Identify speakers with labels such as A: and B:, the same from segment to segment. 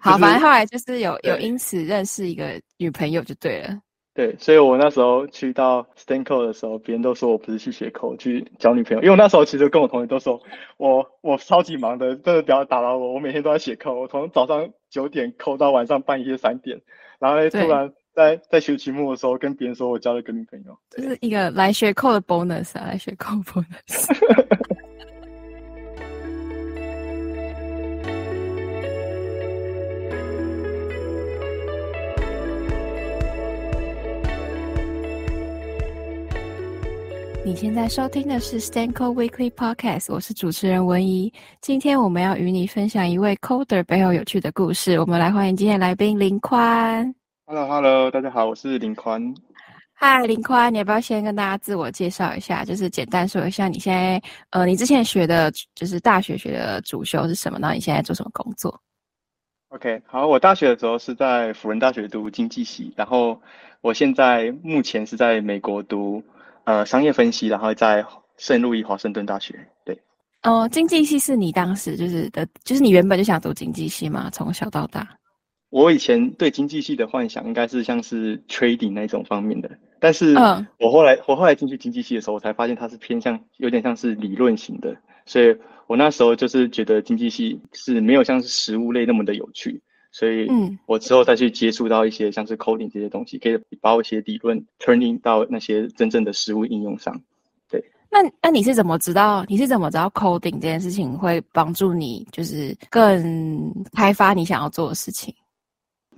A: 就是、好，反正
B: 後來就是有對有因此認識一個女朋友就對了。
A: 對，所以我那時候去到 stanCode 的時候，別人都說我不是去學扣，去交女朋友，因為我那時候其實跟我同學都說，我我超級忙的，真的不要打擾我，我每天都在寫扣，我從早上九點扣到晚上半夜三點，然後突然在對在，在學期末的時候跟別人說我交了個女朋友，
B: 就是一個來學扣的 bonus 啊，來學扣 bonus。 你現在收聽的是 stanCode Weekly Podcast，我是主持人文怡。今天我們要與你分享一位 Coder 背後有趣的故事。我們來歡迎今天來賓林寬。
A: Hello，Hello，hello, 大家好，我是林寬。
B: Hi，林寬，你要不要先跟大家自我介紹一下？就是簡單說一下你現在呃，你之前學的就是大學學的主修是什麼呢？你現在做什麼工作
A: ？OK，好，我大學的時候是在輔仁大學讀經濟系，然後我現在目前是在美國讀。呃，商業分析，然後在聖路易華盛頓大學。對，
B: 哦，經濟系是你當時就是的，就是你原本就想讀經濟系嗎？從小到大？
A: 我以前對經濟系的幻想應該是像是 trading 那一種方面的，
B: 但是，嗯，
A: 我後來、哦、我後來進去經濟系的時候，我才發現它是偏向有點像是理論型的，所以我那時候就是覺得經濟系是沒有像是實務類那麼的有趣。所以，嗯，我之後再去接觸到一些像是 coding 這些東西，嗯、可以把我一些理論 turn in 到那些真正的實物應用上。對，
B: 那那你是怎麼知道？你是怎麼知道 coding 這件事情會幫助你，就是更開發你想要做的事情？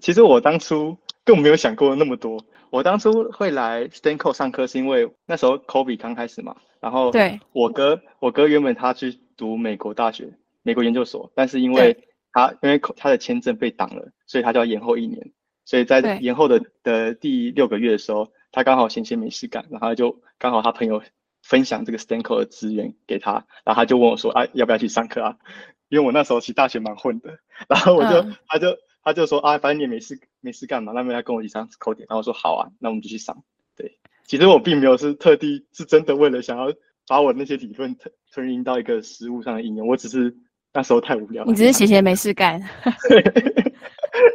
A: 其實我當初更沒有想過那麼多。我當初會來 stanCode 上課，是因為那時候 COVID 剛開始嘛。然後，對，我哥，對我哥原本他去讀美國大學、美國研究所，但是因為他因為他的簽證被擋了，所以他就要延後一年。所以在延後的對的第六個月的時候，他剛好閒閒沒事幹，然後他就剛好他朋友分享這個 stanCode 的資源給他，然後他就問我說：“哎、啊，要不要去上課啊？”因為我那時候其實大學蠻混的，然後我就、嗯、他就他就說：“啊，反正你也沒事沒事幹嘛，那邊要跟我一起上扣點。”然後我說：“好啊，那我們就去上。”對，其實我並沒有是特地是真的為了想要把我那些理論推運用到一個實務上的應用，我只是。那時候太無聊了，你只是閒閒
B: 沒事幹。 對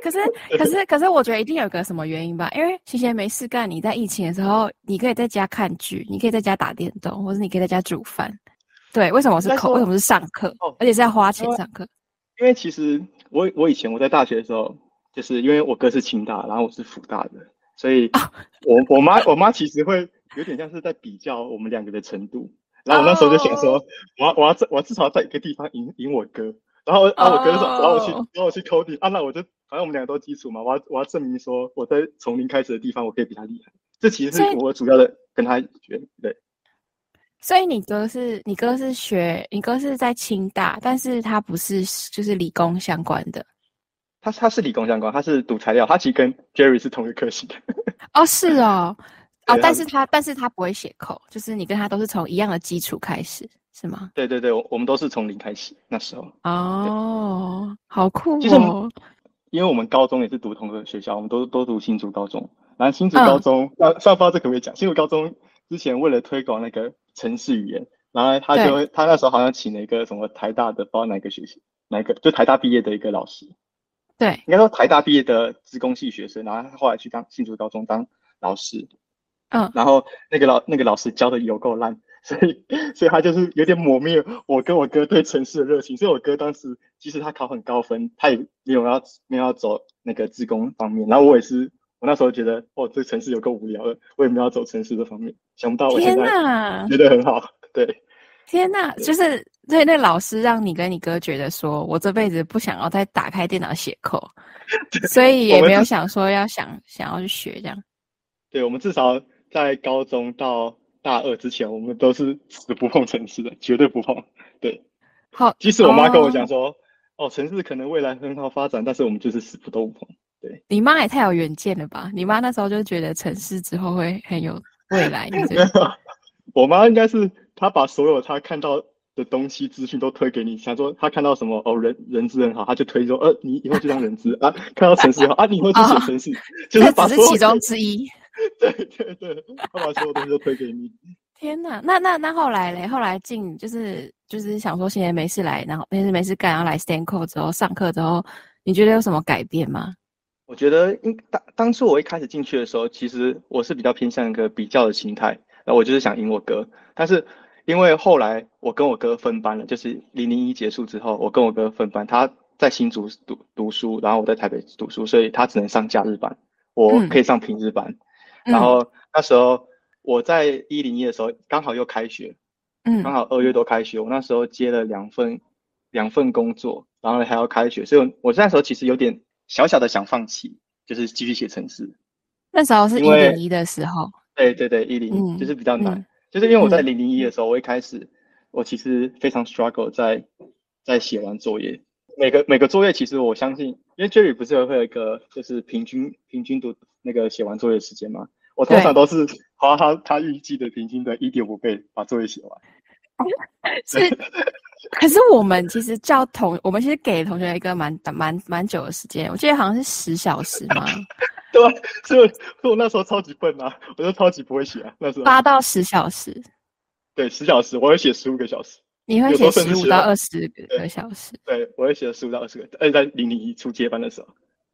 B: 可是，可是，可是，我覺得一定有一個什麼原因吧？因為閒閒沒事幹，你在疫情的時候，你可以在家看劇，你可以在家打電動，或者你可以在家煮飯。對，為什麼我是課？是我為什麼是上課？哦、而且是要花錢上課？
A: 因為其實我我以前我在大學的時候，就是因為我哥是清大，然後我是輔大的，所以我、啊 我媽，我我媽我媽其實會有點像是在比較我們兩個的程度。然後我那時候就想說，oh. 我要我要在我至少要在一個地方贏贏我哥。然後啊，我哥就說，oh. 然後我去然後我去 coding 啊。那我就反正我們兩個都基礎嘛，我要我要證明說，我在從零開始的地方，我可以比他厲害。這其實是我主要的以跟他學。對，
B: 所以你哥是你哥是學，你哥是在清大，但是他不是就是理工相關的？
A: 他他是理工相關，他是讀材料，他其實跟 Jerry 是同一個科系的。
B: 哦 ，oh, 是哦。啊、哦，但是他但是他不會寫口，就是你跟他都是從一樣的基礎開始，是嗎？
A: 對對對我，我們都是從零開始那時候。
B: 哦，對好酷哦！哦
A: 因為我們高中也是讀同一個學校，我們都都讀新竹高中，然後新竹高中、嗯、不知道這可不可以講？新竹高中之前為了推廣那個程式語言，然後他就對他那時候好像請了一個什麼台大的，不知道哪個學校？哪個就台大畢業的一個老師。
B: 對，應
A: 該說台大畢業的資工系學生，然後他後來去當新竹高中當老師。嗯，然後那個老那個老師教的有夠爛，所以所以他就是有點磨滅我跟我哥對程式的熱情。所以我哥當時，即使他考很高分，他也沒有要沒有要走那個資工方面。然後我也是，我那時候覺得，哦，這程式有夠無聊的，我也沒有要走程式這方面。想不到，天哪，覺得很好，啊、對，
B: 天哪，對就是對那老師讓你跟你哥覺得，說我這輩子不想要再打開電腦寫 code，對所以也沒有想說要想想要去學這樣。
A: 對，我們至少在高中到大二之前，我們都是死不碰程式的，絕對不碰。對，
B: 好。即使我媽跟我講說：“
A: 哦，程式、哦、可能未來很好發展，但是我們就是死不都不碰。”對。
B: 你媽也太有遠見了吧！你媽那時候就覺得程式之後會很有未來。對
A: 我媽應該是她把所有她看到的東西、資訊都推給你，想說她看到什麼哦，人人資很好，她就推說：“呃，你以後就當人資啊。”看到程式好啊，你以後就寫程式，啊、就是把、啊、這是其中之一。 對對對，他把所
B: 有東西都推給你。 天哪，那那那後來嘞？後來進就是就是想說，現在沒事來，然後沒事沒事幹，然後來 stanCode 之後上課之後，你覺得有什麼改變嗎？
A: 我覺得因當當初我一開始進去的時候，其實我是比較偏向一個比較的心態，然後我就是想贏我哥。但是因為後來我跟我哥分班了，就是零零一結束之後，我跟我哥分班，他在新竹讀讀，讀書，然後我在台北讀書，所以他只能上假日班，我可以上平日班。嗯然後那時候我在一零一的時候剛好又開學，嗯，剛好二月多開學。我那時候接了兩份兩份工作，然後還要開學，所以，我那時候其實有點小小的想放棄，就是繼續寫程式。
B: 那時候是一零一的時候。
A: 對對對，一零一、嗯、就是比較難，嗯、就是因為我在零零一的時候，我一開始、嗯、我其實非常 struggle 在在寫完作業，每個每個作業其實我相信，因為 Jerry 不是會有一個就是平均平均讀那個寫完作業的時間嗎？我通常都是花他對他預計的平均的一點五倍把作業寫完。
B: 是 可是我們其實教同，我們其實給同學一個蠻蠻蠻、蠻久的時間，我記得好像是十小時嗎？
A: 對吧，所以我那時候超級笨啊，我
B: 就超級不會寫啊，那時候八到十小時，
A: 對，十小時我會寫十五個小時，你會寫十五到二十
B: 個小時，
A: 對，我會寫十五到二十個，呃，在零零一初接班的時候。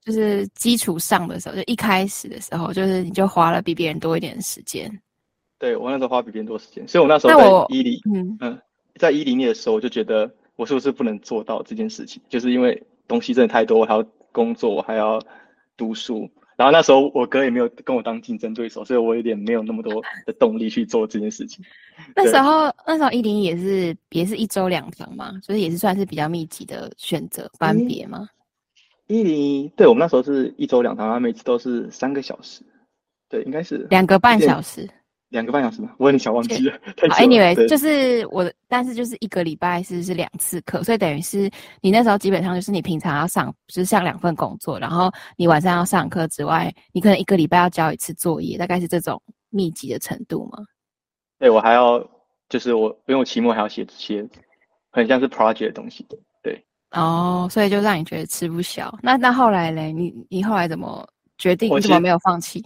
B: 就是基礎上的時候，就一開始的時候，就是你就花了比別人多一點時間。
A: 對，我那時候花比別人多時間，所以我那時候在一零，嗯嗯、呃，在一零年的時候，我就覺得我是不是不能做到這件事情，就是因為東西真的太多，我還要工作，我還要讀書，然後那時候我哥也沒有跟我當競爭對手，所以我有點沒有那麼多的動力去做這件事情。 那時
B: 候，對那時候一零也是也是一周兩場嘛，所、就、以、是、也是算是比較密集的選擇、嗯、班別嘛。一
A: 零對我們那時候是一周兩堂，每次都是三個小時，對，應該是兩個半小時，兩個半小時嗎？我有點想忘記了。好對、oh,，Anyway，對就是
B: 我，但是就是一個禮拜是是兩次課，所以等於是你那時候基本上就是你平常要上，就是上兩份工作，然後你晚上要上課之外，你可能一個禮拜要交一次作業，大概是這種密集的程度嗎？
A: 對，我還要，就是我不用期末還要寫這些很像是 project 的東西的
B: 哦，oh, 所以就讓你覺得吃不消。那那後來嘞？你你後來怎麼決定？為什麼沒有放棄？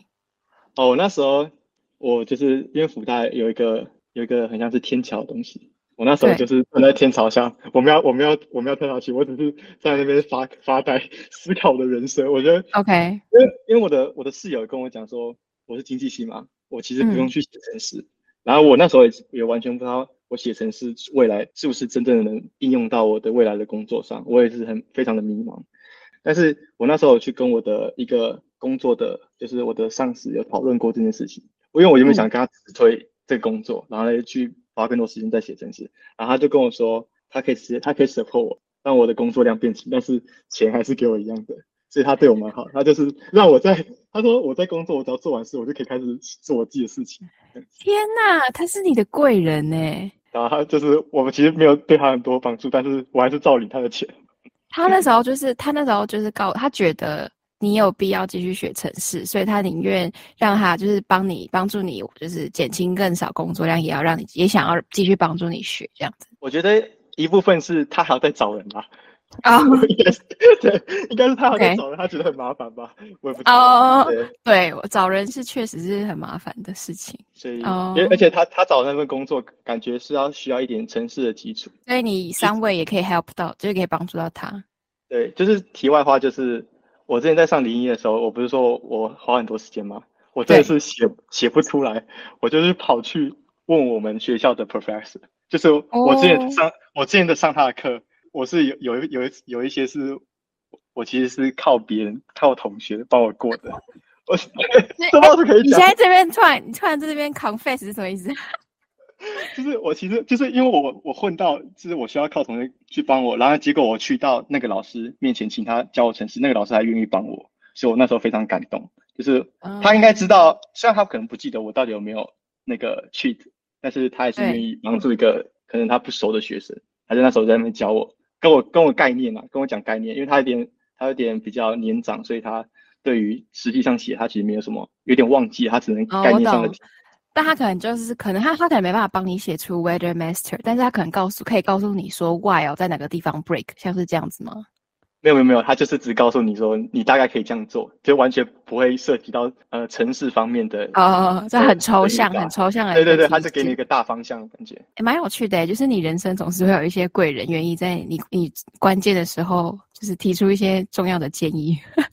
A: 哦，那時候我就是因為福大有一個有一個很像是天橋的東西，
B: 我那時候就是
A: 站在天橋下對我，我沒有我沒有我沒有跳下去，我只是在那邊發發呆思考的人生。我覺得，OK，因為因為我的我的室友跟我講說我是經濟系嘛，我其實不用去寫程式。嗯、然後我那時候也也完全不知道。我寫程式未來是不是真正的能應用到我的未來的工作上？我也是很非常的迷茫。但是我那時候有去跟我的一個工作的，就是我的上司有討論過這件事情。
B: 我因為我原本想跟
A: 他辭退這個工作，然後呢去花更多時間在寫程式，然後他就跟我說，他可以直接他可以 support 我，讓我的工作量變輕，但是錢還是給我一樣的。所以他對我蠻好，他就是讓我在他說我在工作，我只要做完事，我就可以開始做我自己的事情。
B: 天哪，他是你的貴人哎！
A: 然後他就是我們其實沒有對他很多幫助，但是我還是照領他的錢。
B: 他那時候就是他那時候就是告他覺得你有必要繼續學程式，所以他寧願讓他就是幫你幫助你，就是減輕更少工作量，也要讓你也想要繼續幫助你學這樣子。
A: 我覺得一部分是他還在找人吧、啊。
B: 啊，oh, Yes . 對，應該是他好像找人，Okay. 他
A: 覺得很麻煩吧？我也不哦，oh, 對，
B: 對我找人是確實是很麻煩的事情，
A: 所以哦，而、oh. 而且他他找的那份工作，感覺是要需要一點程式的基礎，
B: 所以你三位也可以 help 到，就是、就可以幫助到他。
A: 對，就是題外話，就是我之前在上零一的時候，我不是說我花很多時間嗎？我真的是寫寫對不出來，我就是跑去問我們學校的 professor，就是我之前上、oh. 我之前的上他的課。我是有有有有有一些是，我其實是靠別人，靠同學幫我過的。我
B: 這 以 都是可以、啊。你現在這邊串，你串在這邊 confess 是什麼意思？
A: 就是我其實就是因為我我混到，就是我需要靠同學去幫我，然後結果我去到那個老師面前請他教我程式，那個老師還願意幫我，所以我那時候非常感動。就是他應該知道，uh huh. 雖然他可能不記得我到底有沒有那個 cheat，但是他還是願意幫助一個可能，uh huh. 可能他不熟的學生，還是那時候在那邊教我。我跟我概念嘛，啊，跟我講概念，因為他有點，他有點比較年長，所以他對於實際上寫他其實沒有什麼，有點忘記，他只能概念上的，哦，
B: 但他可能就是，可能他他可能沒辦法幫你寫出 Weather Master，但是他可能告訴可以告訴你說 why，哦，在哪個地方 break，像是這樣子嗎？
A: 沒有沒有沒有，他就是只告訴你說，你大概可以這樣做，就完全不會涉及到呃程式方面的哦，
B: 這很抽象，很抽象的。對對對，他是給你一個
A: 大方向的感覺，
B: 也、欸、蠻有趣的。就是你人生總是會有一些貴人願意在你你關鍵的時候，就是提出一些重要的建議。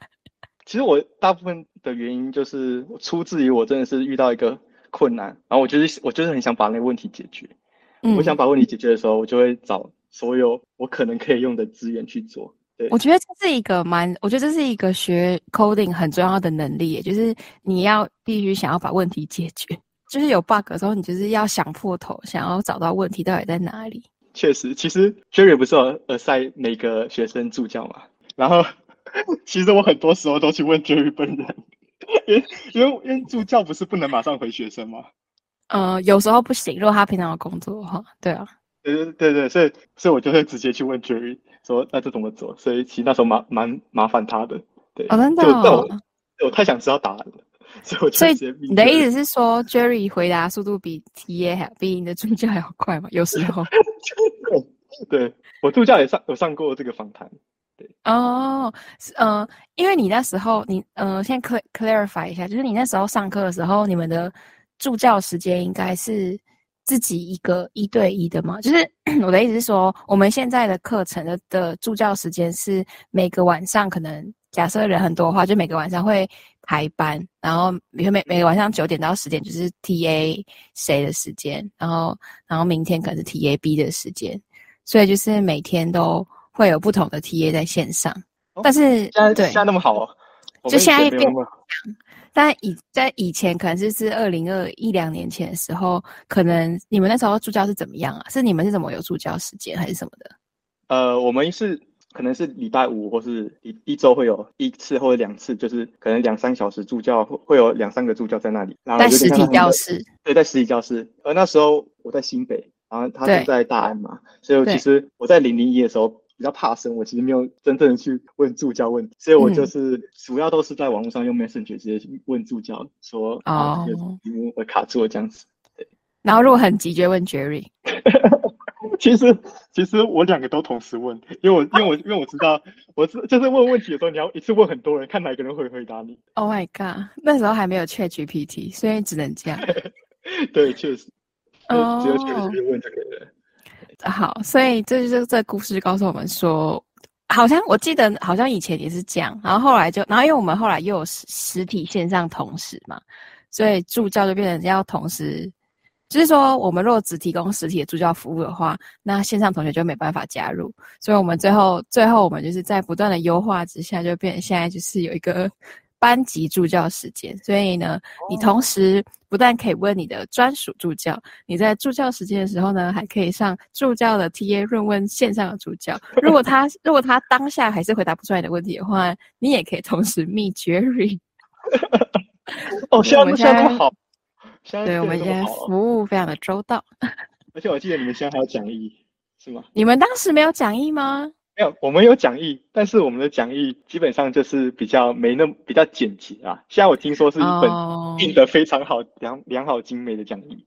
A: 其實我大部分的原因就是出自於我真的是遇到一個困難，然後我就是我就是很想把那個問題解決。嗯、我想把問題解決的時候，我就會找所有我可能可以用的資源去做。對我覺得這
B: 是一個蠻，我覺得這是一個學 coding 很重要的能力，就是你要必須想要把問題解決，就是有 bug 的時候，你就是要想破頭，想要找到問題到底在哪裡。
A: 確實，其實 Jerry 不是有 assign 每個學生助教嘛，然後其實我很多時候都去問 Jerry 本人，因為因為助教不是不能馬上回學生嘛
B: 呃，有時候不行，如果他平常有工作的話，對啊。
A: 對對對對，所以所以我就會直接去問 Jerry 說：“那這怎麼做？”所以其實那時候蠻蠻麻煩他的，對，哦哦、就了我，我太想知道答案了，所
B: 以我就所以你的意思是說 Jerry 回答速度比 TA 還比你的助教還要快嗎？有時候
A: 對我助教也上有上過這個訪談，對
B: 哦，呃、嗯，因為你那時候你呃、嗯，先 clar clarify 一下，就是你那時候上課的時候，你們的助教時間應該是。自己一個一對一的嗎？就是我的意思是說，我們現在的課程的的助教時間是每個晚上，可能假設人很多的話，就每個晚上會排班，然後每每每個晚上九點到十點就是 T A 誰的時間，然後然後明天可能是 T A B 的時間，所以就是每天都會有不同的 T A 在線上，哦，但是現在對，現在那麼好啊。我就
A: 現
B: 在變，但以在以前可能就是二零二一兩年前的時候，可能你們那時候助教是怎麼樣啊？是你們是怎麼有助教時間還是什麼的？
A: 呃，我們是可能是禮拜五，或是一一週會有一次或者兩次，就是可能兩三小時助教會會有兩三個助教在那裡。然後在實體教室。對，在實體教室。而那時候我在新北，然後他在大安嘛，對所以其實我在零零一的時候。比較怕生，我其實沒有真正的去問助教問題，所以我就是主要都是在網絡上用 Messenger 直接問助教、嗯、說啊，因為、oh. 嗯、卡住了這樣子。
B: 對，然後如果很急，就問 Jerry。其實
A: 其實我兩個都同時問，因為我因為我因為我知道， 我是就是問問題的時候，你要一次問很多人，看哪個人會回答你。
B: Oh my god，那時候還沒有 Chat GPT，所以只能這樣。
A: 對，確實，
B: 只有去
A: 問這個人。
B: 好，所以這就是這故事告訴我們說，好像我記得好像以前也是這樣，然後後來就，然後因為我們後來又有實體線上同時嘛，所以助教就變成要同時，就是說我們若只提供實體的助教服務的話，那線上同學就沒辦法加入，所以我們最後最後我們就是在不斷的優化之下，就變成現在就是有一個班級助教時間，所以呢，你同時不但可以問你的專屬助教，你在助教時間的時候呢，還可以上助教的 TA 論問線上的助教。如果他 如果他當下還是回答不出來你的問題的話，你也可以同時 meet Jerry。 哦，現在現在不好，好對，我們現在服務非常的周到。而且
A: 我記得你們現在還有講義，是嗎？
B: 你們當時沒有講義嗎？
A: 沒有，我們有講義，但是我們的講義基本上就是比較沒那麼比較簡潔啊。現在我聽說是一本印得非常好、oh, 良良好、精美的講義，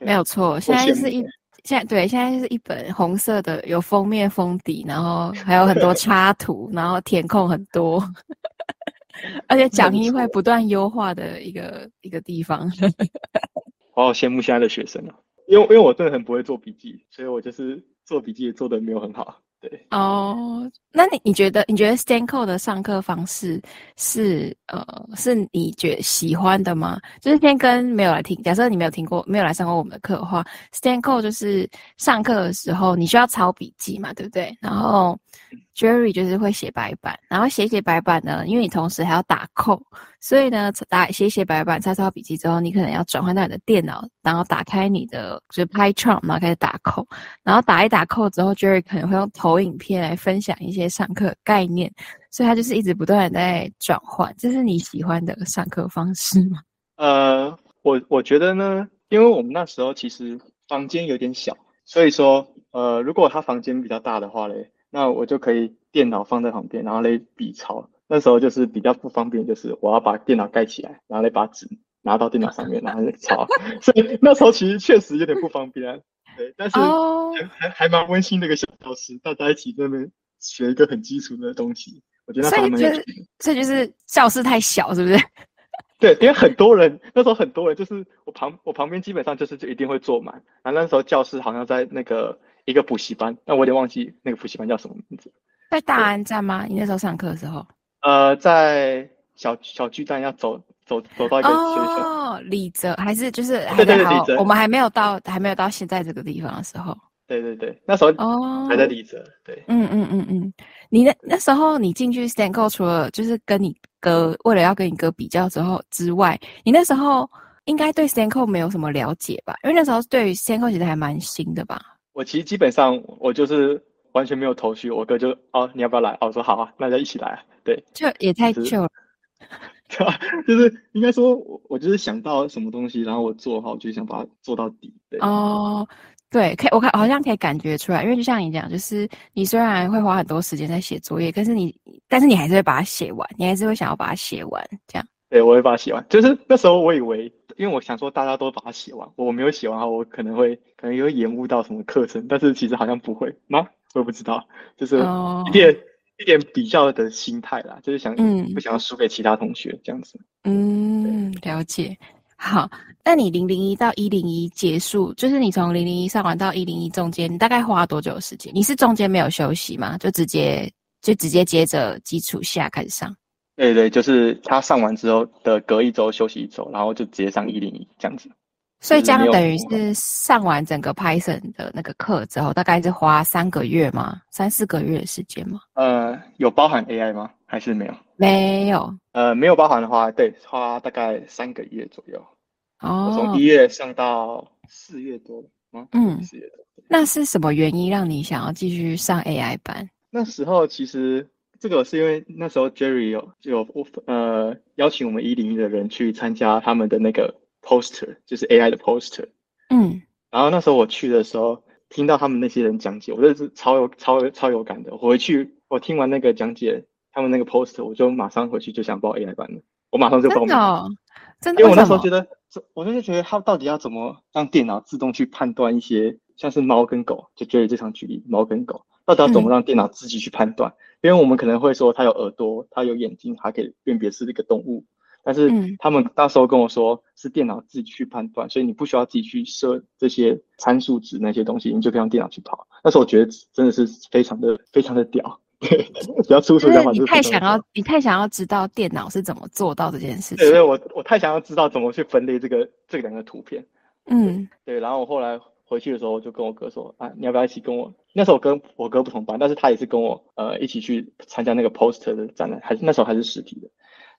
B: 沒有錯。現在是一現在對，現在是一本紅色的，有封面封底，然後還有很多插圖， 然後填空很多， 而且講義會不斷優化的一個一個地方。
A: 我好羨慕現在的學生啊，因為因為我真的很不會做筆記，所以我就是做筆記也做得沒有很好。
B: 哦，oh, 那你你覺得你覺得 stanCode 的上課方式是呃是你覺得喜歡的嗎？就是先跟沒有來聽，假設你沒有聽過沒有來上過我們的課的話，stanCode 就是上課的時候你需要抄筆記嘛，對不對？然後。Jerry 就是會寫白板，然後寫寫白板呢，因為你同時還要打扣，所以呢，打寫寫白板，擦擦筆記之後，你可能要轉換到你的電腦，然後打開你的就是 PyCharm，開始打扣，然後打一打扣之後，Jerry 可能會用投影片來分享一些上課概念，所以他就是一直不斷地在轉換，這是你喜歡的上課方式嗎？
A: 呃，我我覺得呢，因為我們那時候其實房間有點小，所以說，呃，如果他房間比較大的話嘞。那我就可以電腦放在旁邊，然後來筆抄。那時候就是比較不方便，就是我要把電腦蓋起來，然後來把紙拿到電腦上面，然後來抄。 所以那時候其實確實有點不方便， 對。但是還、oh, 還蠻溫馨的一個小教室，大家一起在那邊學一個很基礎的東西。我覺得。所以你
B: 這就是教室太小，是不是？
A: 對，因為很多人那時候很多人就是我旁我旁邊基本上就是就一定會坐滿。那那時候教室好像在那個，一個補習班，那我有點忘記那個補習班叫什
B: 麼名字，在大安站嗎？對你那時候上課的時候，
A: 呃，在小小巨蛋要走走走到一個學校
B: 哦，李澤還是就是還在，哦、對對對，我們還沒有到還沒有到現在這個地方的時候，對
A: 對對，那時候哦還在李澤，
B: 哦、對，嗯嗯嗯嗯，你那那時候你進去 stanCode 除了就是跟你哥為了要跟你哥比較之後之外，你那時候應該對 stanCode 沒有什麼了解吧？因為那時候對於 stanCode 其實還蠻新的吧。
A: 我其實基本上我就是完全沒有頭緒，我哥就哦，你要不要來？哦，我說好啊，那就一起來啊，對。就也太久了，就是對啊。就是應該說我，我就是想到什麼東西，然後我做好，我就想把它做到底。對哦，對，
B: 對，可以我看好像可以感覺出來，因為就像你講，就是你雖然會花很多時間在寫作業，但是你但是你還是會把它寫完，你還是會想要把它寫完，這樣。
A: 對，我會把它寫完。就是那時候我以為。因為我想說大家都把它寫完，我沒有寫完我可能會可能有延誤到什麼課程，但是其實好像不會嗎？我也不知道，就是一點、oh. 一點比較的心態啦，就是想嗯不想要輸給其他同學這樣子。嗯，
B: 對了解。好，那你零零一到一零一結束，就是你從零零一上完到一零一中間，你大概花了多久的時間？你是中間沒有休息嗎？就直接就直接接着基礎下開始上。
A: 對對，就是他上完之後的隔一周休息一周，然後就直接上一零一這樣子。
B: 所以這樣等於是上完整個 Python 的那個課之後，大概是花三個月嗎？三四個月的時間嗎？
A: 呃，有包含 AI 嗎？還是沒有？
B: 沒有。
A: 呃，沒有包含的話，對，花大概三個月左右。
B: 哦。我從一
A: 月上到四月多，嗯嗯，四月多。
B: 那是什麼原因讓你想要繼續上 AI 班？
A: 那時候其實。這個是因為那時候 Jerry 有,就有呃邀請我們一零一的人去參加他們的那個 poster，就是 AI 的 poster。嗯。然後那時候我去的時候，聽到他們那些人講解，我就是超有超超有感的。我回去我聽完那個講解，他們那個 poster，我就馬上回去就想報 AI 班了。我馬上就報名。名。
B: 的，真的。因為我那時候覺
A: 得，我就是覺得他到底要怎麼讓電腦自動去判斷一些像是貓跟狗，就 Jerry 這場舉例貓跟狗，到底要怎麼讓電腦自己去判斷？嗯因為我們可能會說它有耳朵，它有眼睛，還可以辨別是一個動物。但是他們那時候跟我說是電腦自己去判斷，嗯，所以你不需要自己去設這些參數值那些東西，你就可以用電腦去跑。那時候我覺得真的是非常的非常的屌， 比較粗俗的話就是，是太
B: 想要，你太想要知道電腦是怎麼做到這件事情。對，對
A: 對，我我太想要知道怎麼去分類這個這兩、個、個圖片。
B: 嗯，
A: 對，然後我後來。回去的時候我就跟我哥說啊，你要不要一起跟我？那時候我跟我哥不同班，但是他也是跟我呃一起去參加那個 poster 的展覽，還是那時候還是實體的。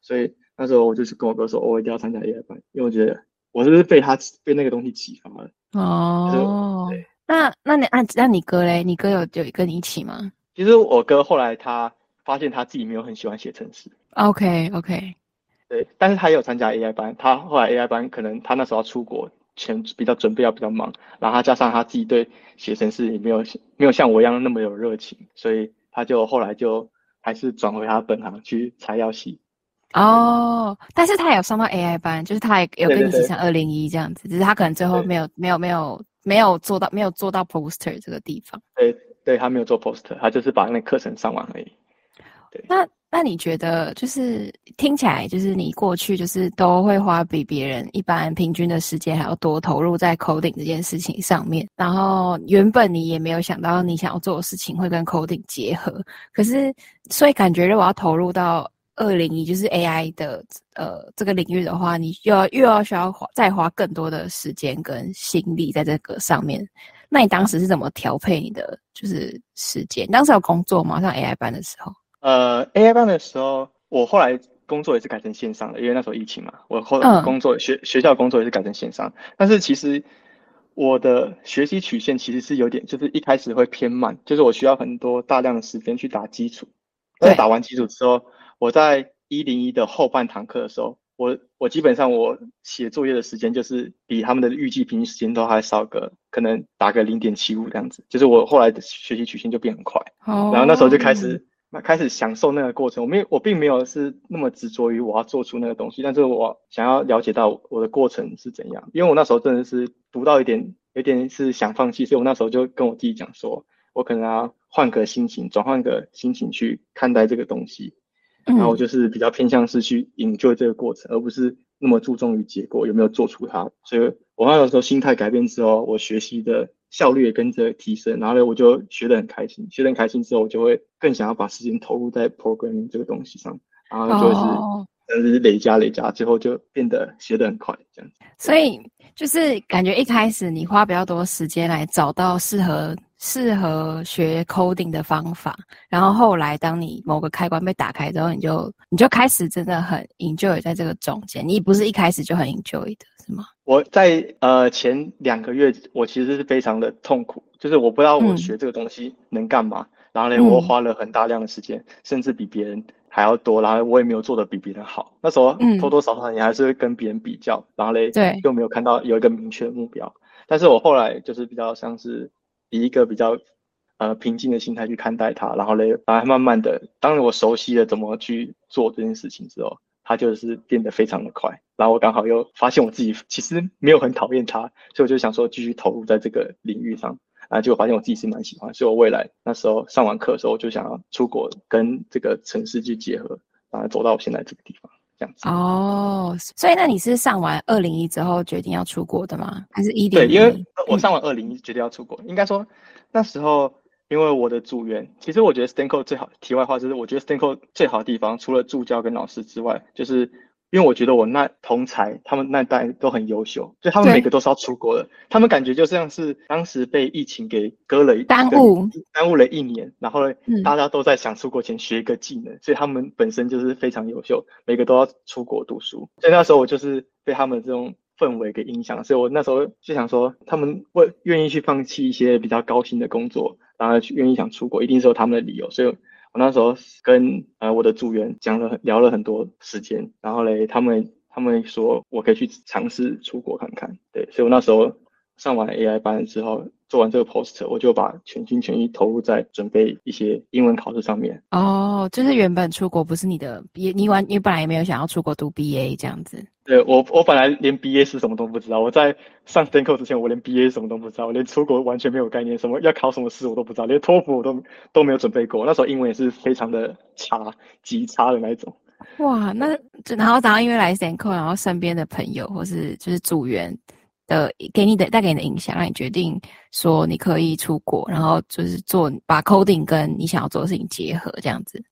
A: 所以那時候我就去跟我哥說，哦、我一定要參加 AI 班，因為我覺得我是不是被他被那個東西啟發了？
B: 哦、oh，那那你啊，那你哥呢？你哥有有跟你一起嗎？
A: 其實我哥後來他發現他自己沒有很喜歡寫程式。
B: OK OK。
A: 對，但是他也有參加 AI 班，他後來 AI 班可能他那時候要出國。前比較準備要比較忙，然後他加上他自己對寫程式也沒有沒有像我一樣那麼有熱情，所以他就後來就還是轉回他本行去材料
B: 系。哦，嗯、但是他有上到 AI 班，就是他也有跟你一起上二零一這樣子，對對對，只是他可能最後沒有對沒有沒有沒有做到沒有做到 poster 這個地方。
A: 對，對，他沒有做 poster，他就是把那課程上完而已。
B: 對。那。那你覺得，就是聽起來，就是你過去就是都會花比別人一般平均的時間還要多投入在 coding 這件事情上面。然後原本你也沒有想到你想要做的事情會跟 coding 結合，可是所以感覺如果要投入到二零一就是 AI 的呃這個領域的話，你又要又要需要花再花更多的時間跟心力在這個上面。那你當時是怎麼調配你的就是時間？當時有工作嗎？上 AI 班的時候？
A: 呃、uh，AI 班的時候，我後來工作也是改成線上的，因為那時候疫情嘛。我後來工作、uh. 學學校工作也是改成線上，但是其實我的學習曲線其實是有點，就是一開始會偏慢，就是我需要很多大量的時間去打基礎。在對打完基礎之後，我在一零一的後半堂課的時候，我我基本上我寫作業的時間就是比他們的預計平均時間都還少個，可能打個零點七五這樣子。就是我後來的學習曲線就變很快。哦。Oh. 然後那時候就開始。開始享受那個過程，我沒我並沒有是那麼執着於我要做出那個東西，但是我想要了解到我的過程是怎樣，因為我那時候真的是讀到一點，有點是想放棄，所以我那時候就跟我自己講說，我可能要換個心情，轉換個心情去看待這個東西，
B: 嗯、然後就
A: 是比較偏向是去研究這個過程，而不是那麼注重於結果，有沒有做出它，所以我那時候心態改變之後，我學習的。效率也跟着提升，然後呢，我就學得很開心。學得很開心之後，我就會更想要把時間投入在 programming 這個東西上，然後就是，但是累加累加之後，oh.，就變得學得很快，這樣
B: 子。所以就是感覺一開始你花比較多時間來找到適合適合學 coding 的方法，然後後來當你某個開關被打開之後，你就你就開始真的很 enjoy 在這個中間。你不是一開始就很 enjoy 的，是
A: 嗎？我在呃前兩個月，我其實是非常的痛苦，就是我不知道我學這個東西能幹嘛。嗯、然後嘞，我花了很大量的時間，嗯、甚至比別人還要多。然後我也沒有做得比別人好。那時候，嗯，多多少少你還是會跟別人比較。然後嘞，對、嗯，又沒有看到有一個明確的目標。對但是我後來就是比較像是以一個比較呃平靜的心態去看待它。然後嘞，慢它慢慢的，當我熟悉了怎麼去做這件事情之後，它就是變得非常的快。然後我剛好又發現我自己其實沒有很討厭他，所以我就想說繼續投入在這個領域上，然後就發現我自己是蠻喜歡，所以我未來那時候上完課的時候我就想要出國跟這個城市去結合，然、啊、後走到
B: 我現在這個地方這樣子。哦，oh, 所以那你是上完二零一之後決定要出國的嗎？還是一零？對，000? 因為
A: 我上完二零一決定要出國，嗯、應該說那時候因為我的組員，其實我覺得 stanCode 最好。題外話就是，我覺得 stanCode 最好的地方除了助教跟老師之外，就是。因為我覺得我那同儕他們那代都很優秀，所以他們每個都是要出國的。對他們感覺就是像是當時被疫情給擱了一耽誤，耽誤務了一年，然後大家都在想出國前學一個技能，嗯、所以他們本身就是非常優秀，每個都要出國讀書。所以那時候我就是被他們這種氛圍給影響，所以我那時候就想說，他們會願意去放棄一些比較高薪的工作，然後去願意想出國，一定是有他們的理由。所以。我那時候跟呃我的組員講了，聊了很多時間，然後嘞，他們他們說我可以去嘗試出國看看，對，所以我那時候。上完 AI 班之後，做完這個 post，我就把全心全意投入在準備一些英文考試上面。
B: 哦，就是原本出國不是你的，也你完你本來也沒有想要出國讀 BA 這樣子。
A: 對，我我本來連 BA 是什麼都不知道。我在上 stanCode 之前，我連 BA 什麼都不知道，我連出國完全沒有概念，什麼要考什麼試我都不知道，連托福我都都沒有準備過。那時候英文也是非常的差，極差的那一種。
B: 哇，那然後早上因為來 stanCode，然後身邊的朋友或是就是組員。的，給你的，帶給你的影響，讓你決定說你可以出國，然後就是做，把 coding 跟你想要做的事情結合這樣子。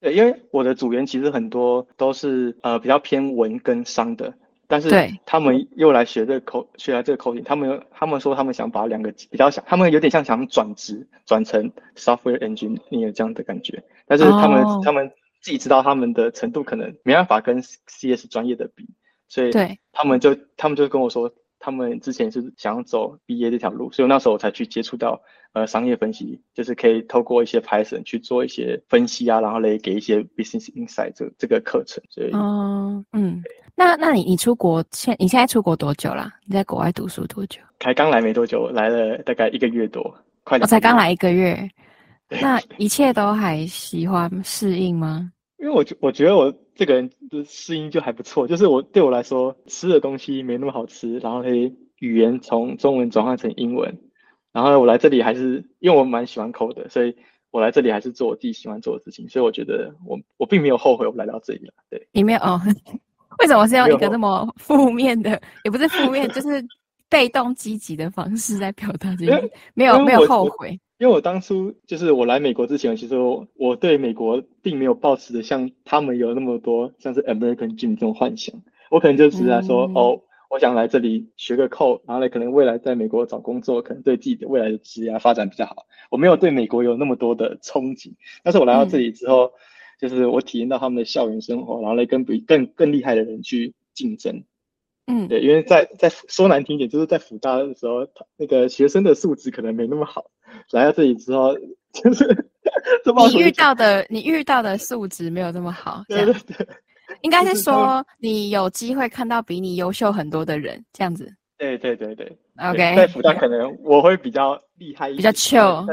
A: 對，因為我的組員其實很多都是呃比較偏文跟商的，但是他們又來學這個口對學來這個 coding，他們他們說他們想把兩個比較想，他們有點像想轉職轉成 software engineer 這樣的感覺，但是他們、oh. 他們自己知道他們的程度可能沒辦法跟 CS 專業的比。所以他們就對他們就跟我說，他們之前是想走 BA 這條路，所以我那時候我才去接觸到呃商業分析，就是可以透過一些 Python 去做一些分析啊，然後來給一些 Business Insight 這個、這個課程。所以、哦，嗯，
B: 對那那你你出國現你現在出國多久啦？你在國外讀書多久？
A: 才剛來沒多久，來了大概一個月多，快。我、哦、才剛來一
B: 個月，對那一切都還喜歡適應嗎？
A: 因為我覺我覺得我。這個人的聲音就還不錯，就是我對我來說吃的東西沒那麼好吃，然後可以語言從中文轉換成英文，然後我來這裡還是因為我蠻喜歡 code 的，所以我來這裡還是做我自己喜歡做的事情，所以我覺得我我並沒有後悔我來到這裡了，對，
B: 你沒有，哦。為什麼是用一個這麼負面的，也不是負面，就是被動積極的方式在表達自己。沒有沒有，沒有後
A: 悔。因為我當初就是我來美國之前，其實我對美國並沒有抱持著像他們有那麼多像是 American Dream 這種幻想。我可能就只是在說，嗯、哦，我想來這裡學個 Code，然後呢，可能未來在美國找工作，可能對自己的未來的職業發展比較好。我沒有對美國有那麼多的憧憬。但是我來到這裡之後，嗯、就是我體驗到他們的校園生活，然後來跟比更更厲害的人去競爭。嗯，對，因為在在說難聽一點，就是在輔大的時候，他那個學生的素質可能沒那麼好。來到這裡之後，就
B: 是你遇到的 你遇到的素質沒有那麼好。對對對，
A: 樣對對，應該是說
B: 你有機會看到比你優秀很多的人，這樣子。
A: 對對對對，
B: 對，OK。在輔大可
A: 能我會比較厲害一點。比較 chill。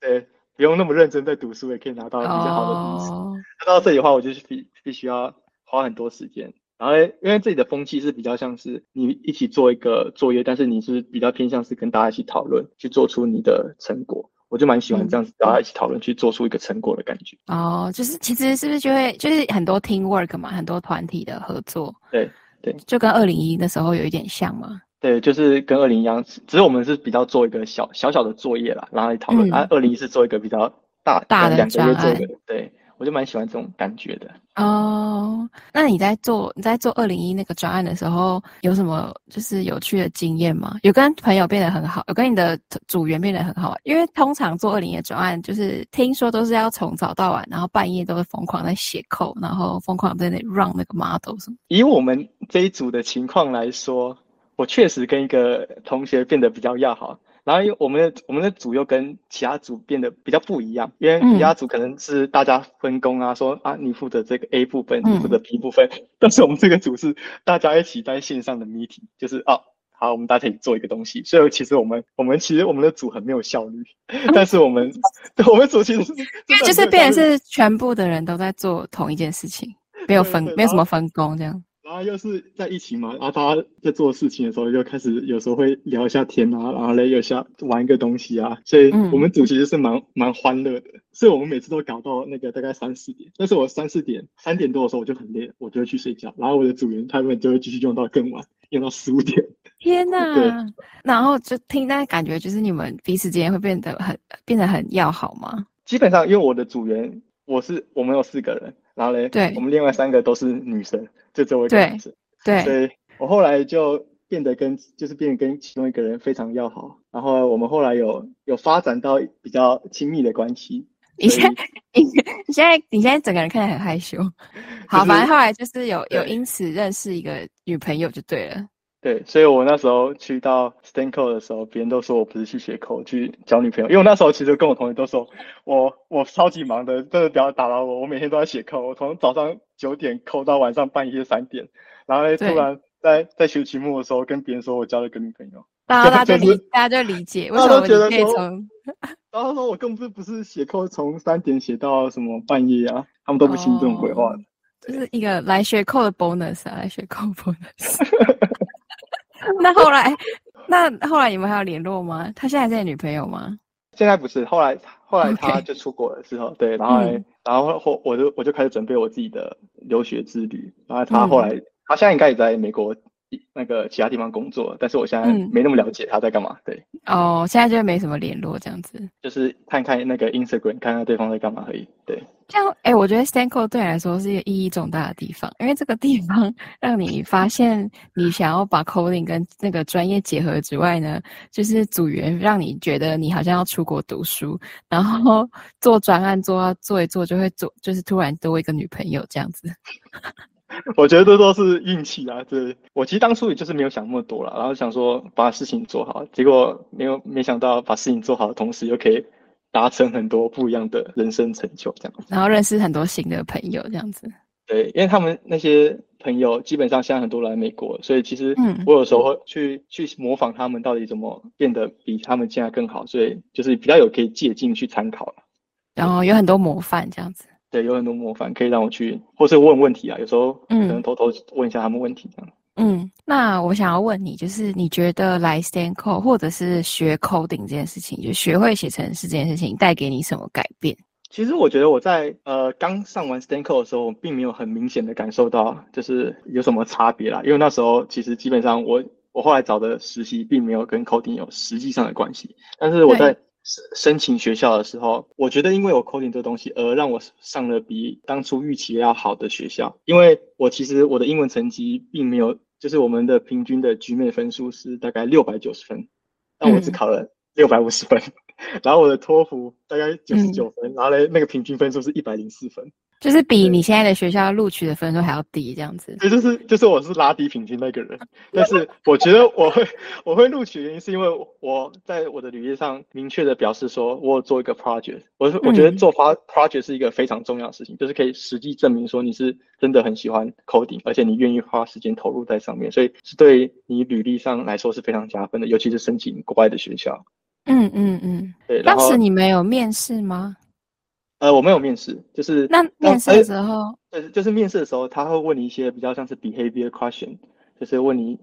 A: 對，不用那麼認真在讀書，也可以拿到比較好的東西。來、oh. 到這裡的話，我就是必必須要花很多時間。然後因為這裡的風氣是比較像是你一起做一個作業，但是你是比較偏向是跟大家一起討論去做出你的成果，我就蠻喜歡這樣子跟大家一起討論、嗯、去做出一個成果的感覺。
B: 哦，就是其實是不是就會就是很多 team work 嘛，很多團體的合作。對對。對，就跟二零一那時候有一點像嗎？
A: 對，就是跟二零一一樣，只是我們是比較做一個小小小的作業啦，然後來討論。啊、嗯，二零一是做一個比較大、嗯、這大的兩個月作業。對。我就蠻喜歡這種感覺的
B: 哦。Oh，那你在做你在做二零一那個專案的時候，有什麼就是有趣的經驗嗎？有跟朋友變得很好，有跟你的組員變得很好，因為通常做二零一專案，就是聽說都是要從早到晚，然後半夜都會瘋狂在寫 code，然後瘋狂在那裡 run 那個 model 什麼。
A: 以我們這一組的情況來說，我確實跟一個同學變得比較要好。然後，我們的我們的組又跟其他組變得比較不一樣，因為其他組可能是大家分工啊，嗯、說啊，你負責這個 A 部分，你負責 B 部分，嗯、但是我們這個組是大家一起在線上的 meeting，就是哦、啊、好，我們大家可以做一個東西。所以其實我們我們其實我們的組很沒有效率，嗯、但是我們、啊、我們組其實 因為就是變成是
B: 全部的人都在做同一件事情，沒有分沒有什麼分工這樣。
A: 然後又是在疫情嘛，然後大家在做事情的時候，就開始有時候會聊一下天啊，然後聊一下玩一個東西啊，所以我們組其實是蠻、嗯、蠻歡樂的。所以我們每次都搞到那個大概三四點，但是我三四點三點多的時候我就很累，我就會去睡覺。然後我的組員他們就會繼續用到更晚，用到十五點。
B: 天吶哪！對。然後就聽那感覺，就是你們彼此之間會變得很變得很要好嗎？
A: 基本上，因為我的組員，我是我們有四個人。然後嘞，對，我們另外三個都是女生，就只有我一個男
B: 生，對，對，
A: 所以我後來就變得跟，就是變跟其中一個人非常要好，然後我們後來有有發展到比較親密的關係。
B: 你現在 你現在你現在整個人看起來很害羞。好，就是、反正後來就是有有因此認識一個女朋友就對了。對
A: 對，所以我那時候去到 stanCode 的時候，別人都說我不是去學 code，去交女朋友。因為我那時候其實跟我同學都說，我我超級忙的，真的不要打擾我。我每天都在寫 code，我從早上九點 code 到晚上半夜三點。然後突然在對在，在學期末的時候，跟別人說我交了一個女朋友。
B: 大家就理解、 就是、大家都理解，為什麼大家都覺得說，然後說我
A: 更不是不是寫 code，從三點寫到什麼半夜啊，他們都不信這種鬼話，oh, 對就
B: 是一個來學 code 的 bonus 啊，來學 code bonus。 那後來，那後來你們還有聯絡嗎？他現在是你女朋友嗎？
A: 現在不是，後來後來他就出國了之後，Okay. 對，然後、嗯、然後後我就我就開始準備我自己的留學之旅。然後他後來、嗯、他現在應該也在美國。那個其他地方工作，但是我現在沒那麼了解他在幹嘛。嗯、對，
B: 哦，現在就沒什麼聯絡這樣子，
A: 就是看看那個 Instagram，看看對方在幹嘛而已。對，
B: 這樣，哎、欸，我覺得 stanCode 對你來說是一個意義重大的地方，因為這個地方讓你發現你想要把 coding 跟那個專業結合之外呢，就是組員讓你覺得你好像要出國讀書，然後做專案做做一做就會做，就是突然多一個女朋友這樣子。
A: 我覺得這都是運氣啊！對，我其實當初也就是沒有想那麼多了，然後想說把事情做好，結果沒有沒想到把事情做好的同時，又可以達成很多不一樣的人生成就，這樣子。
B: 然後認識很多新的朋友，這樣子。
A: 對，因為他們那些朋友基本上現在很多來美國，所以其實我有時候會去、嗯、去模仿他們，到底怎麼變得比他們現在更好，所以就是比較有可以借鏡去參考了。
B: 然後有很多模範這樣子。
A: 對，有很多模範可以讓我去，或是問問題啊。有時候可能偷偷問一下他們問題、嗯、這樣。
B: 嗯，那我想要問你，就是你覺得來 stanCode 或者是學 coding 這件事情，就學會寫程式這件事情，帶給你什麼改變？
A: 其實我覺得我在呃剛上完 stanCode 的時候，我並沒有很明顯的感受到就是有什麼差別啦。因為那時候其實基本上我我後來找的實習並沒有跟 coding 有實際上的關係，但是我在。申請學校的時候，我覺得因為我 coding 這個東西，而讓我上了比當初預期要好的學校。因為我其實我的英文成績並沒有，就是我們的平均的 GMAT 分數是大概六百九十分，但我只考了六百五十分。嗯、然後我的托福大概九十九分，嗯、然後嘞那個平均分數是一百零四分。
B: 就是比你現在的學校錄取的分數還要低，這樣子對。對，
A: 就是就是我是拉低平均那個人。 但是我覺得我會我會錄取，原因是因為我在我的履歷上明確的表示說我有做一個 project。我我覺得做發 project 是一個非常重要的事情，嗯、就是可以實際證明說你是真的很喜歡 coding，而且你願意花時間投入在上面，所以是對你履歷上來說是非常加分的，尤其是申請國外的學校。嗯嗯嗯。
B: 嗯嗯對。當時你沒有面試嗎？
A: 呃，我沒有面試，就是那面試的
B: 時
A: 候，對、呃，就是面試的時候，他會問你一些比較像是 behavior question，就是問你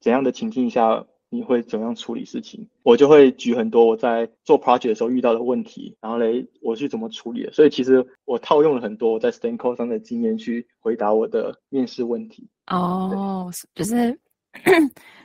A: 怎樣的情境下，你會怎樣處理事情。我就會舉很多我在做 project 的時候遇到的問題，然後嘞，我去怎麼處理，所以其實我套用了很多我在 stanCode 上的經驗去回答我的面試問題。
B: 哦、oh, 對，就是，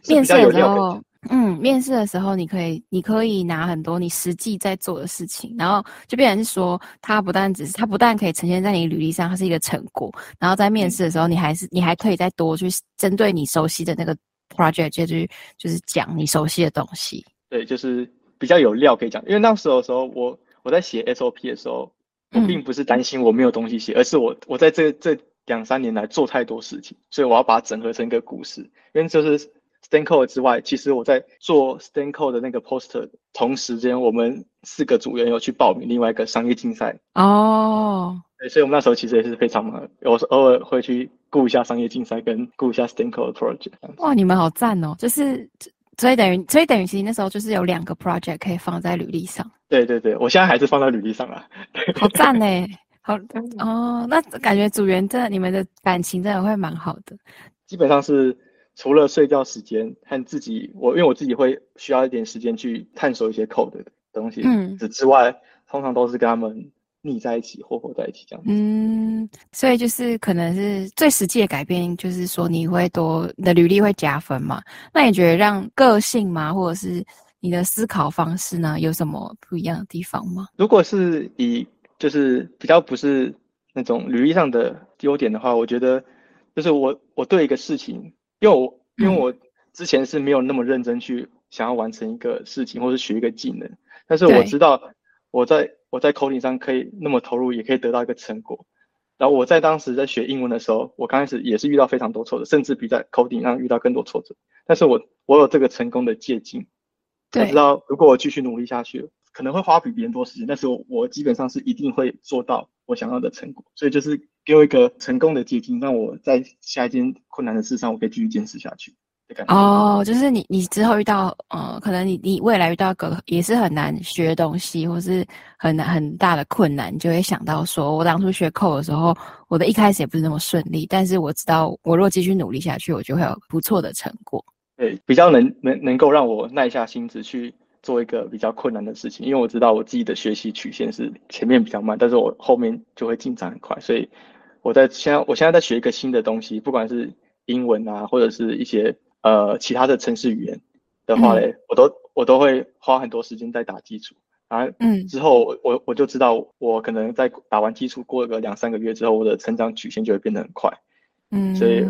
B: 是比較有料的感覺。嗯，面試的時候你可以，你可以拿很多你實際在做的事情，然後就變成是說，它不但只是，它不但可以呈現在你履歷上，它是一個成果。然後在面試的時候，嗯、你還是，你還可以再多去針對你熟悉的那個 project 去、就是，就是講你熟悉的東西。
A: 對，就是比較有料可以講。因為那時候的時候，我我在寫 SOP 的時候，我並不是擔心我沒有東西寫，嗯、而是我我在這這兩三年來做太多事情，所以我要把它整合成一個故事，因為就是。Stencall 之外，其實我在做 stanCode 的那個 poster，同時間我們四個組員要去報名另外一個商業競賽。
B: 哦、oh.，
A: 對，所以我們那時候其實也是非常忙，我是偶爾會去顧一下商業競賽，跟顧一下 stanCode 的 project。
B: 哇，你們好讚哦！就是，所以等於，所以等於，其實那時候就是有兩個 project 可以放在履歷上。
A: 對對對，我現在還是放在履歷上了
B: 好讚呢！好哦，那感覺組員真的，你們的感情真的會蠻好的。
A: 基本上是。除了睡覺時間和自己，我因為我自己會需要一點時間去探索一些 code 的東西，嗯，之之外，嗯、通常都是跟他們膩在一起或活，活在一起這樣子。嗯，
B: 所以就是可能是最實際的改變，就是說你會多你的履歷會加分嘛？那你覺得讓個性嘛，或者是你的思考方式呢，有什麼不一樣的地方嗎？
A: 如果是以就是比較不是那種履歷上的優點的話，我覺得就是我我對一個事情。因為我、嗯、因為我之前是沒有那麼認真去想要完成一個事情，或者學一個技能，但是我知道我在對我在 coding 上可以那麼投入，也可以得到一個成果。然後我在當時在學英文的時候，我剛開始也是遇到非常多挫折，甚至比在 coding 上遇到更多挫折。但是我我有這個成功的捷徑，我對知道如果我繼續努力下去了。可能會花比別人多時間，但是我我基本上是一定會做到我想要的成果，所以就是給我一個成功的結晶，讓我在下一件困難的事上，我可以繼續堅持下去
B: 的感覺。哦，oh，就是你你之後遇到呃，可能你你未來遇到個也是很難學東西，或是很難很大的困難，你就會想到說我當初學 Code 的時候，我的一開始也不是那麼順利，但是我知道我若繼續努力下去，我就會有不錯的成果。
A: 對，比較能能能夠讓我耐下心思去。做一個比較困難的事情，因為我知道我自己的學習曲線是前面比較慢，但是我後面就會進展很快。所以我在現在，我現在在學一個新的東西，不管是英文啊，或者是一些呃其他的程式語言的話嘞，嗯、我都我都會花很多時間在打基礎。然後之後我、嗯、我就知道，我可能在打完基礎過了個兩三個月之後，我的成長曲線就會變得很快。嗯，所以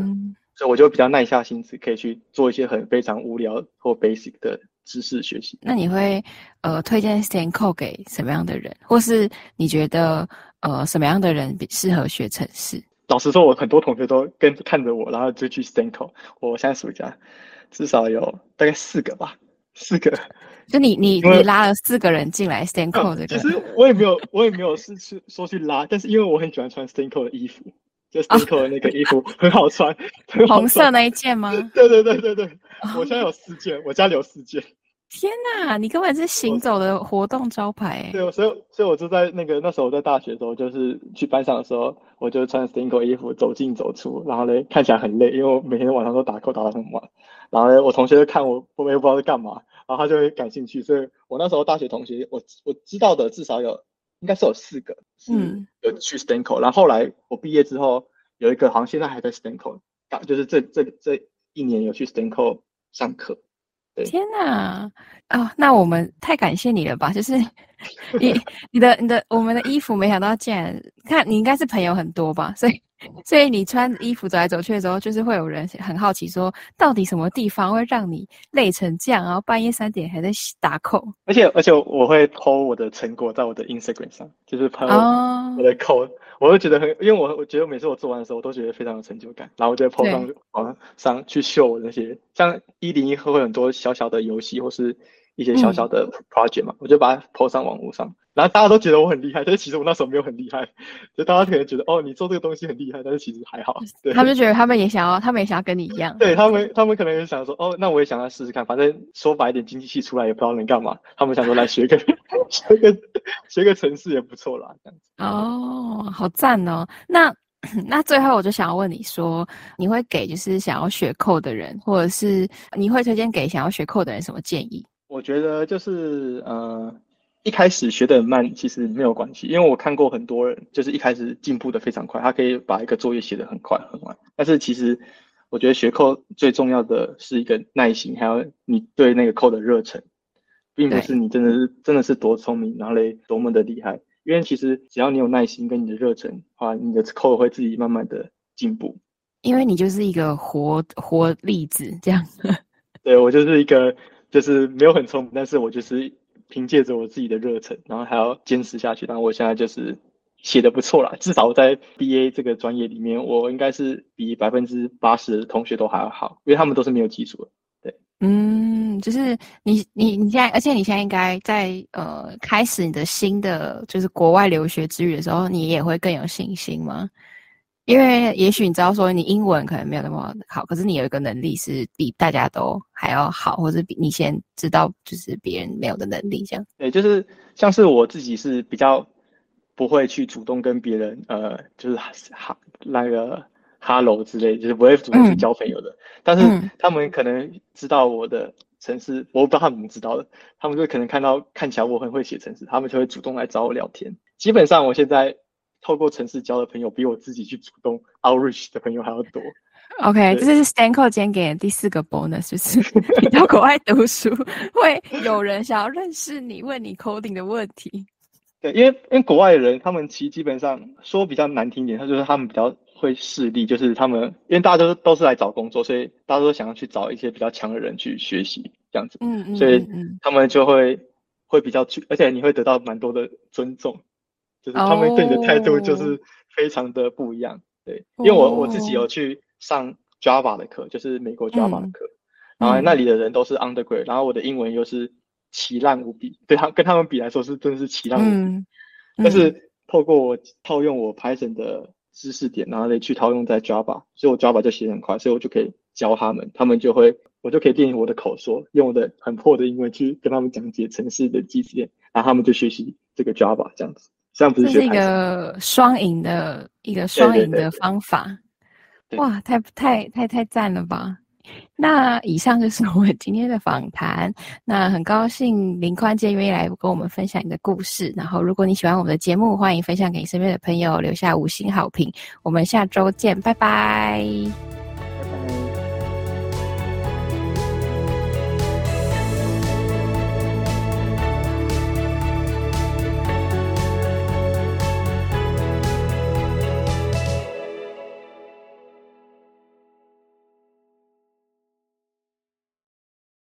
A: 所以我就比較耐下心思，可以去做一些很非常無聊或 basic 的。知識學習，那你
B: 會呃推薦 stanCode 給什麼樣的人，或是你覺得呃什麼樣的人適合學程式？
A: 老實說，我很多同學都跟看着我，然後就去 stanCode 我現在暑假至少有大
B: 概四個吧，四個。就你你我你拉了四個人進來、這個、stanCode 的。其實
A: 我也沒有，我也沒有是去說去拉，但是因為我很喜歡穿 stanCode 的衣服，就 stanCode 的那個衣服、哦、很好穿，紅色
B: 那一件嗎？對,對對對對對，哦、我現在有
A: 四件，我家裡有四件。
B: 天吶，你根本是行走的活動招牌，欸，我。對，所以
A: 所以我就在那個那時候我在大學的時候，就是去班上的時候，我就穿 stanCode 衣服走進走出，然後呢看起來很累，因為我每天晚上都打 code 打到很晚。然後呢，我同學就看我，後面又不知道在幹嘛，然後他就會感興趣。所以，我那時候大學同學，我我知道的至少有，應該是有四個是有去 stanCode，嗯。然後後來我畢業之後，有一個好像現在還在 stanCode，打就是這這這一年有去 stanCode 上課。
B: 對天吶、啊哦！那我們太感謝你了吧！就是你、你的、你的、我們的衣服，沒想到竟然看你應該是朋友很多吧？所以，所以你穿衣服走來走去的時候，就是會有人很好奇說，到底什麼地方會讓你累成這樣？然後半夜三點還在打 code。而
A: 且而且，而且我會 po 我的成果在我的 Instagram 上，就是拍我，哦、我的 code。我都覺得很，因為我我覺得每次我做完的時候，我都覺得非常有成就感，然後我就跑上跑對上去秀那些像一零一會會很多小小的遊戲，或是，一些小小的 project 嘛，嗯、我就把它 po 上網絡上，然後大家都覺得我很厲害，但是其實我那時候沒有很厲害，就大家可能覺得哦，你做這個東西很厲害，但是其實還好，對他們就覺
B: 得他們也想要，他們也想要跟你一樣，對
A: 他們，他們可能也想說哦，那我也想要試試看，反正說白一點，經濟系出來也不知道能幹嘛，他們想說來學個 學個學個程式也不錯啦，這
B: 樣子。哦，好讚哦！那那最後我就想要問你說，你會給就是想要學 code 的人，或者是你會推薦給想要學 code 的人什麼建議？
A: 我覺得就是呃，一開始學得很慢，其實沒有關係，因為我看過很多人，就是一開始進步的非常快，他可以把一個作業寫得很快很快。但是其實我覺得學 code 最重要的是一個耐心，還有你對那個 code 的熱忱，
B: 並不是你
A: 真的是真的是多聰明，然後嘞，多麼的厲害。因為其實只要你有耐心跟你的熱忱的話，你的 code 會自己慢慢的
B: 進步。因為你就是一個活活例子這樣子。
A: 對我就是一個。就是沒有很聰明，但是我就是憑借着我自己的熱忱，然後還要堅持下去。然後我現在就是寫得不錯了，至少在 BA 這個專業裡面，我應該是比百分之八十的同學都還要好，因為他們都是沒有技術的。對，
B: 嗯，就是你你你現在，而且你現在應該在呃開始你的新的就是國外留學之旅的時候，你也會更有信心嗎？因為也許你知道，說你英文可能沒有那麼好，可是你有一個能力是比大家都還要好，或是比你先知道，就是別人沒有的能力這樣。
A: 對，就是像是我自己是比較不會去主動跟別人，呃，就是哈那個哈嘍之類，就是不會主動去交朋友的。嗯、但是他們可能知道我的程式，嗯、我不知道他們怎麼知道的，他們就可能看到看起來我很會寫程式，他們就會主動來找我聊天。基本上我現在。透過程式交的朋友，比我自己去主動 outreach 的朋友還要多。OK，對這
B: 是 stanCode 今天給的第四個 bonus，就是,是不是？ 比較國外讀書， 會有人想要認識你，問你 coding 的問題。
A: 對，因為因為國外的人，他們其實基本上說比較難聽點，他就是他們比較會勢利，就是他們因為大家都都是來找工作，所以大家都想要去找一些比較強的人去學習這樣子。嗯嗯,嗯嗯。所以他們就會會比較去，而且你會得到蠻多的尊重。就是他們對你的態度就是非常的不一樣，oh. 對，因為我我自己有去上 Java 的課，oh. 就是美國 Java 的課，mm. 然後那裡的人都是 Undergrad，然後我的英文又是奇爛無比，對，他跟他們比來說是真的是奇爛無比。Mm. 但是透過我套用我 Python 的知識點，然後得去套用在 Java，所以我 Java 就寫很快，所以我就可以教他們，他們就會我就可以定義我的口說，用我的很破的英文去跟他們講解程式的機點，然後他們就學習這個 Java
B: 這樣子。像不是，這是一個雙贏的一個雙贏的方法。對對對對哇，太太太太讚了吧？那以上就是我們今天的訪談。那很高興林寬杰願意來跟我們分享一個故事。然後，如果你喜歡我們的節目，歡迎分享給你身邊的朋友，留下五星好評。我們下周見，拜拜。